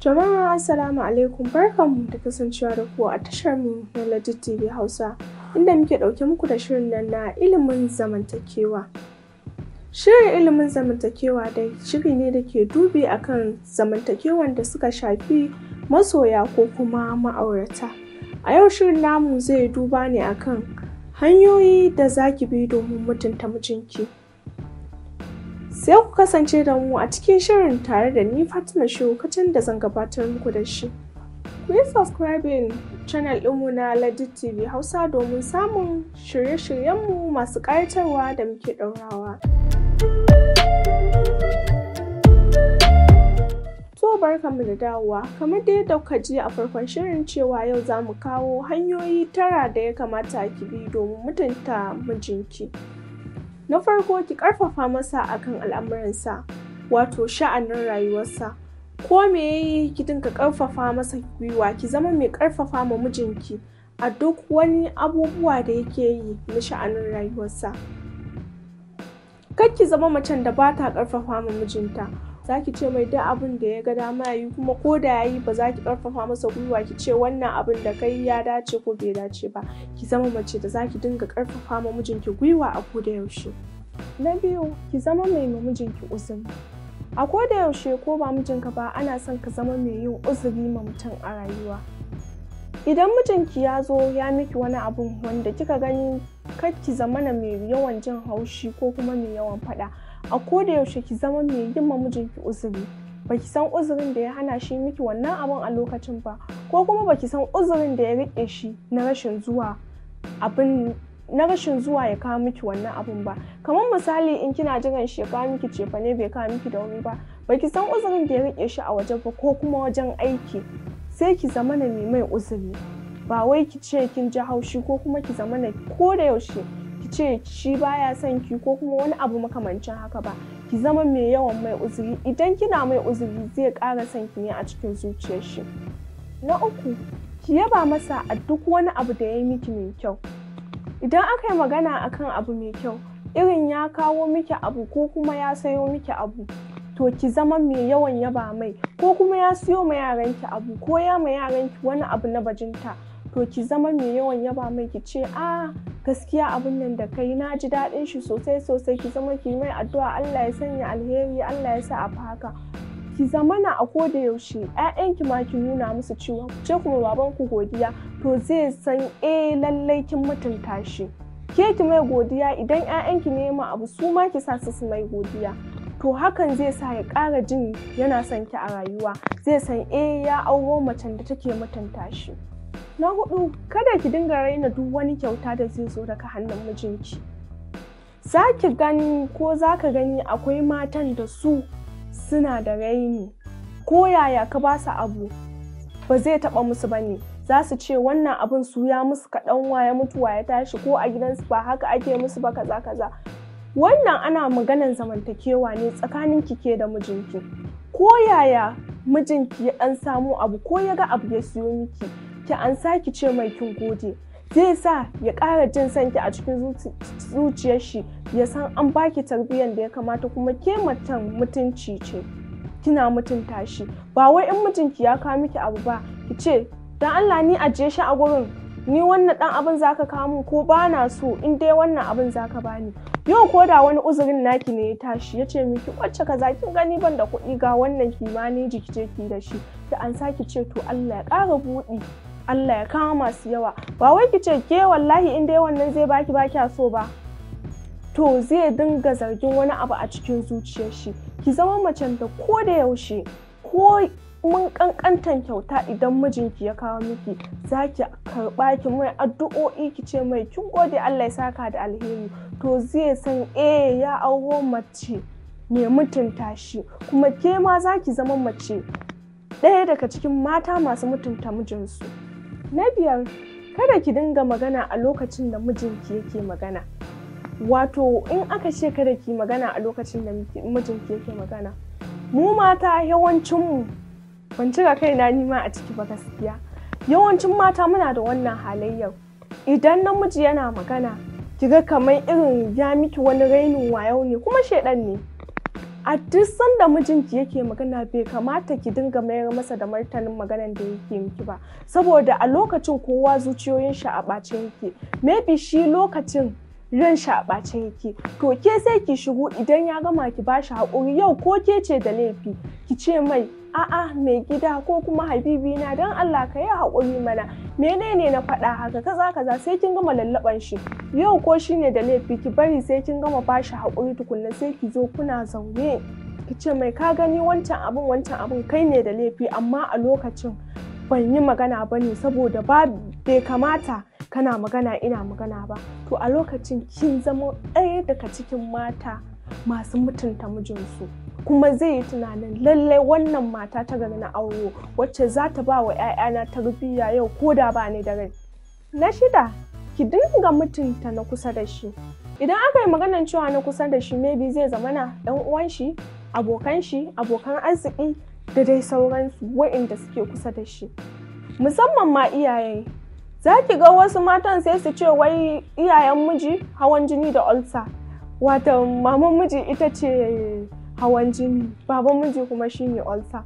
Jama'a Assalamu alaikum barkanmu da kasancewa da ku a tashar mu na Legit TV Hausa inda muke ɗauke muku da shirin nan na ilimin zamantakewa. Shirin ilimin zamantakewa da shiri ne da ke dubi akan zamantakewan da suka shafi masoya ko kuma ma'aurata. A yau shirin namu zai duba ne akan hanyoyi da zaki bi domin mutunta mijinki. sai ku kasance da mu a cikin shirin tare da ni Fatima kacin da zan gabatar muku da shi. Ku yi subscribing channel ɗinmu na ladit TV Hausa domin samun shirye-shiryenmu masu ƙayatarwa da muke ɗaurawa. To barkanmu da dawowa, kamar da yadda kuka ji a farkon shirin cewa yau za mu kawo hanyoyi tara da ya kamata ki bi domin mutunta mijinki. Na farko ki ƙarfafa masa akan al'amuransa, wato sha'anin rayuwarsa. Ko me yayi ki dinka ƙarfafa masa gwiwa, ki zama mai ƙarfafa ma mijinki a duk wani abubuwa da yake yi na sha'anin rayuwarsa. Kar ki zama macen da ba ta ƙarfafa ma mijinta. za ki ce mai duk abin da ya ga dama yayi kuma ko da ya yi ba za ki ƙarfafa masa gwiwa ki ce wannan abin da kai ya dace ko bai dace ba ki zama mace da za ki dinga karfafa ma mijinki gwiwa a koda yaushe na biyu ki zama mai ma mijinki uzuri a koda yaushe ko ba mijinka ba ana son ka zama mai yin uzuri ma mutum a rayuwa idan mijinki ya zo ya miki wani abun wanda kika gani kar ki zamana mai yawan jin haushi ko kuma mai yawan faɗa a koda yaushe ki zama mai yin mijinki uzuri baki san uzurin da ya hana shi miki wannan abin a lokacin ba ko kuma baki san uzurin da ya riƙe shi na rashin zuwa abin na rashin zuwa ya kawo miki wannan abin ba kamar misali in kina jiran shi ya kawo miki cefane bai kawo miki da wuri ba baki san uzurin da ya riƙe shi a waje ba ko kuma wajen aiki sai ki zama na mai mai uzuri ba wai ki ce kin ji haushi ko kuma ki zama na ko da yaushe ce shi baya son ki ko kuma wani abu makamancin haka ba ki zama mai yawan mai uzuri idan kina mai uzuri zai ƙara son ki ne a cikin zuciyar shi na uku ki yaba masa a duk wani abu da ya yi miki mai kyau idan aka yi magana akan abu mai kyau irin ya kawo miki abu ko kuma ya sayo miki abu to ki zama mai yawan yaba mai ko kuma ya siyo ma yaranki abu ko ya ma yaranki wani abu na bajinta to ki zama mai yawan yaba mai ki ce a gaskiya abin nan da kai na ji daɗin shi sosai sosai ki zama ki mai addu'a Allah ya sanya alheri Allah ya sa a haka ki zama na a da yaushe 'ya'yanki ma ki nuna musu cewa ku ce kuma baban ku godiya to zai san e lallai kin mutunta shi ke ki mai godiya idan 'ya'yanki ne ma abu su ma ki sa su mai godiya to hakan zai sa ya ƙara jin yana son ki a rayuwa zai san eh ya auro macen da take mutunta shi Na hudu, kada ki dinga raina duk wani kyauta da zai zo daga hannun mijinki. Za ki gani ko za ka gani akwai matan da su suna da raini. Ko yaya ka ba su abu, ba zai taɓa musu ba ne. Za su ce wannan abin su ya musu kaɗan waya mutuwa ya tashi ko a gidansu ba haka ake musu ba kaza kaza. Wannan ana maganan zamantakewa ne tsakanin kike da mijinki. Ko yaya mijinki ya ɗan samu abu ko ya ga abu ya siyo miki. ki an saki ce mai kin gode zai sa ya kara jin san ki a cikin zuciyar shi ya san an baki tarbiyyar da ya kamata kuma ke matan mutunci ce kina mutunta shi ba wai in mijinki ya kawo miki abu ba ki ce dan Allah ni ajiye shi a gurin ni wannan dan abin zaka kawo min ko ba na so in dai wannan abin zaka bani yau ko da wani uzurin naki ne ya tashi ya ce miki wacce kaza kin gani ban da kuɗi ga wannan kimanin jiki ki da shi da an saki ce to Allah ya kara buɗi Allah ya kama masu yawa ba wai ki ce ke wallahi inda yawan wannan zai baki baki a so ba to zai dinga zargin wani abu a cikin zuciyar shi ki zama mace da ko da yaushe ko mun kankantan kyauta idan mijinki ya kawo miki za ki karɓa ki mai addu'o'i ki ce mai kin gode Allah ya saka da alheri to zai san eh ya auro mace mai mutunta shi kuma ke ma za ki zama mace ɗaya daga cikin mata masu mutunta mijinsu. Na biyar, kada ki dinga magana a lokacin da mijinki yake magana. Wato in aka ce kada ki magana a lokacin da mijinki yake magana. Mu mata yawancinmu, ban cika kaina nima a ciki ba gaskiya. Yawancin mata muna da wannan halayyar. Idan namiji yana magana, kiga kamar irin ya miki wani rainin wayo ne kuma shaidan ne. a duk sanda mijinki yake magana bai kamata ki dinga mayar masa da martanin maganan da yake miki ba saboda a lokacin kowa zuciyoyin shi a bace yake maybe shi lokacin ran shi a bace yake to ke sai ki shigo idan ya gama ki bashi haƙuri yau ko ke ce da laifi ki ce mai a'a mai gida ko kuma habibi na don Allah ka yi haƙuri mana menene na faɗa haka kaza kaza sai kin gama lallaban shi yau ko shi ne da laifi ki bari sai kin gama bashi haƙuri tukunna sai ki zo kuna zaune ki ce mai ka gani wancan abin wancan abin. kai ne da laifi amma a lokacin ban yi magana ba ne saboda ba bai kamata kana magana ina magana ba to a lokacin kin zama ɗaya daga cikin mata masu mutunta mijinsu. kuma zai yi tunanin lallai wannan mata ta gari na auro wacce za ta ba wa 'ya'yana tarbiyya yau ko da ba ni da rai na shida ki dinga mutunta na kusa da shi idan aka yi maganar cewa na kusa da shi maybe zai na ɗan uwan shi abokan shi abokan arziki da dai sauransu wa'inda suke kusa da shi musamman ma iyaye za ki ga wasu matan sai su ce wai iyayen miji hawan jini da ulcer wata maman miji ita ce hawan jini baban miji kuma shine olsa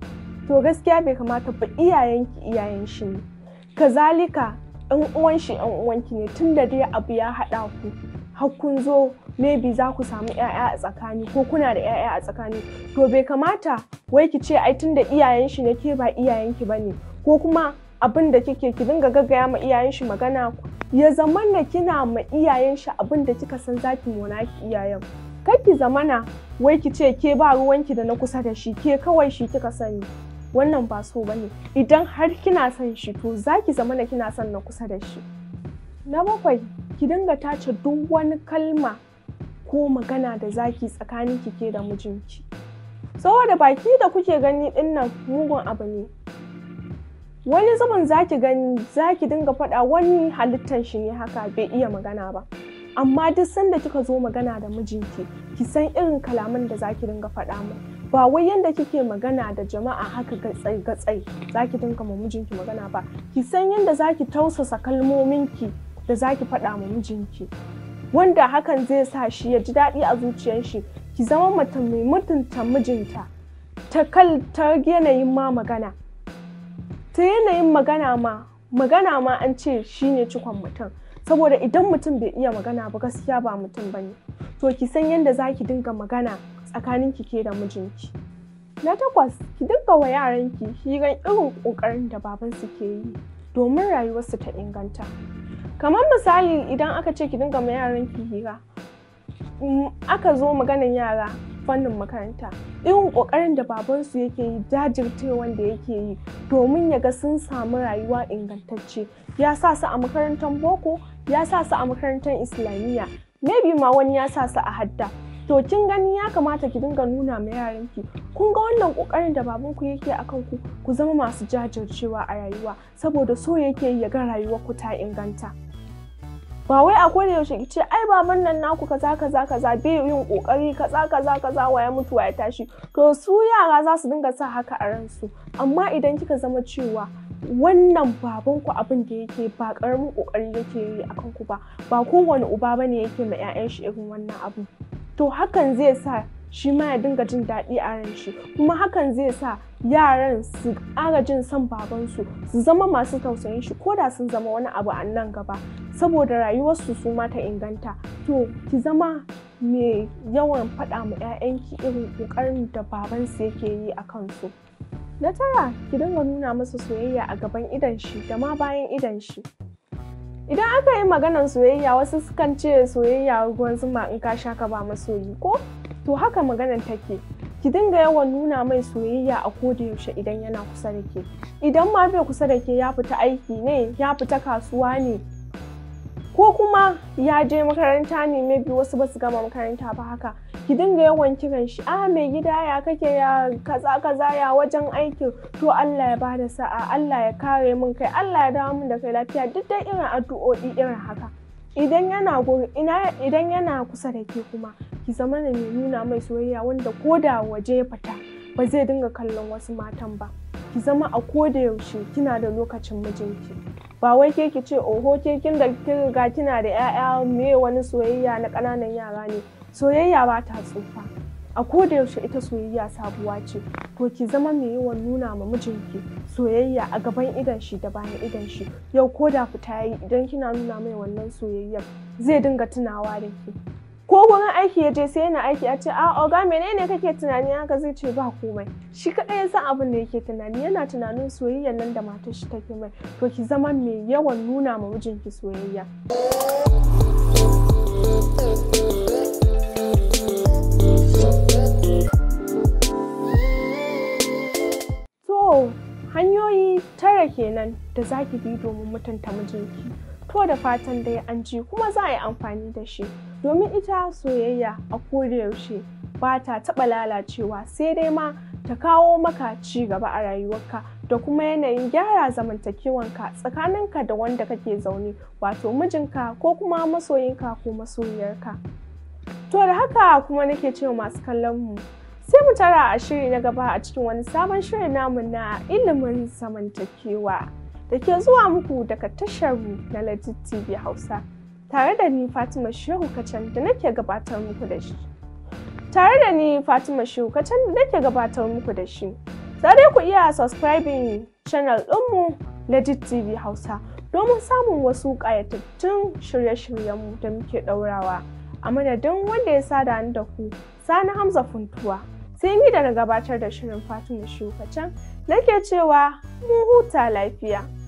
to gaskiya bai kamata ba iyayenki iyayen shi ne kazalika ɗan uwan shi ɗan uwanki ne tun da dai abu ya haɗa ku hakkun zo maybe za ku samu 'ya'ya a tsakani ko kuna da 'ya'ya a tsakani to bai kamata wai ki ce ai tun da iyayen shi ne ke ba iyayenki ba ne ko kuma abin da kike ki dinga gaggaya ma iyayen shi magana ya zamana kina ma iyayen shi abin da kika san zaki mona ki iyayen kar ki zamana wai ki ce ke ba ruwanki da na kusa da shi ke kawai shi kika sani wannan ba so bane idan har kina son shi to zaki ki zamana kina son na kusa da shi na bakwai ki dinga tace duk wani kalma ko magana da zaki tsakanin ki ke da mijinki saboda baki da kuke gani dinnan mugun abu ne wani zubin zaki gani zaki dinga faɗa wani halittar shi ne haka bai iya magana ba amma duk sanda kika zo magana da mijinki ki san irin kalaman da zaki dinga faɗa mu ba wai yanda kike magana da jama'a haka gatsai gatsai zaki dinga ma mijinki magana ba ki san yanda zaki tausasa kalmominki da zaki faɗa ma mijinki wanda hakan zai sa shi ya ji daɗi a zuciyar shi ki zama mata mai mutunta mijinta ta kal ta yanayin ma magana ta yanayin magana ma magana ma an ce shine cikon mutum saboda idan mutum bai iya magana ba gaskiya ba mutum bane to ki san yadda za ki dinga magana tsakanin ki ke da mijinki na takwas ki dinga wa yaran ki hiran irin kokarin da baban su ke yi domin rayuwarsu ta inganta kamar misali idan aka ce ki dinga ma ki hira aka zo maganin yara fannin makaranta irin kokarin da baban su yake yi jajirce wanda yake yi domin ya ga sun samu rayuwa ingantacce ya sa su a makarantar boko ya sa su a makarantar islamiyya maybe ma wani ya sa su a hadda to kin gani ya kamata ki dinga nuna ma yaran ki kun ga wannan kokarin da babanku yake akan ku ku zama masu jajircewa a rayuwa saboda so yake ya ga rayuwar ku ta inganta ba wai a koda yaushe ki ce ai baban nan naku kaza kaza kaza bai yin kokari kaza kaza kaza waya mutuwa ya tashi to su yara za su dinga sa haka a ransu amma idan kika zama cewa wannan babanku abin da yake ba karamin kokari yake yi akan ku ba ba kowane uba ba ne yake ma 'ya'yan shi irin wannan abu to hakan zai sa shi ma ya dinga jin daɗi a ran shi kuma hakan zai sa yaran su ƙara jin son babansu su zama masu tausayin shi ko da sun zama wani abu a nan gaba saboda rayuwarsu su ma ta inganta to ki zama mai yawan faɗa ma 'ya'yanki irin ƙoƙarin da babansu yake yi a kansu Na tara ki dinga nuna masa soyayya a gaban idon shi da ma bayan idon shi. Idan aka yi maganar soyayya wasu sukan ce soyayya ruwan zuma in ka sha ka ba masoyi ko? To haka maganar take. Ki dinga yawan nuna mai soyayya a koda yaushe idan yana kusa da ke. Idan ma bai kusa da ke ya fita aiki ne, ya fita kasuwa ne, ko kuma ya je makaranta ne maybe wasu ba su gama makaranta ba haka ki dinga yawan kiran shi a ah, mai gida ya kake ya kaza kaza ya wajen aikin to Allah ya bada sa'a Allah ya kare mun kai Allah ya dawo min da kai lafiya duk dai irin addu'o'i irin haka idan yana idan yana kusa da ke kuma ki zama da mai nuna mai soyayya wanda koda waje ya fita ba zai dinga kallon wasu matan ba ki zama a koda yaushe kina da lokacin mijinki ba wai ke ki ce oho ke kin da kin ga kina da 'ya'ya me wani soyayya na ƙananan yara ne soyayya ba ta tsufa a koda yaushe ita soyayya sabuwa ce to ki zama mai yawan nuna ma mijinki soyayya a gaban idon shi da bayan idon shi yau ko da fita yi idan kina nuna mai wannan soyayyar zai dinga tunawa da ki ko gurin aiki ya je sai yana aiki a ce a ah, oga menene kake tunani haka zai ce ba komai shi kaɗai ya san abin da yake tunani yana tunanin soyayyar nan da matar shi take mai to ki zama mai yawan nuna ma mijinki soyayya haka kenan da za ki bi domin mutunta mijinki to da fatan dai an ji kuma za a yi amfani da shi domin ita soyayya a yaushe ba ta taɓa lalacewa sai dai ma ta kawo maka ci gaba a rayuwarka da kuma yanayin gyara zamantakewanka tsakaninka da wanda kake zaune wato mijinka ko kuma masoyinka ko masoyiyarka to da haka kuma nake cewa masu kallon mu sai mu tara a shiri na gaba a cikin wani sabon shirin namu na ilimin samantakewa da ke zuwa muku daga tashar na Legit TV Hausa tare da ni Fatima Shehu Kacan da nake gabatar muku da shi. Tare da ni Fatima Shehu Kacan da nake gabatar muku da shi. Sai ku iya subscribing channel ɗinmu Legit TV Hausa domin samun wasu ƙayatattun shirye-shiryenmu da muke ɗaurawa. A madadin wanda ya sada ni da ku, Sani Hamza Funtuwa. sai ni da na gabatar da shirin Fatima Shuka can nake cewa mu huta lafiya.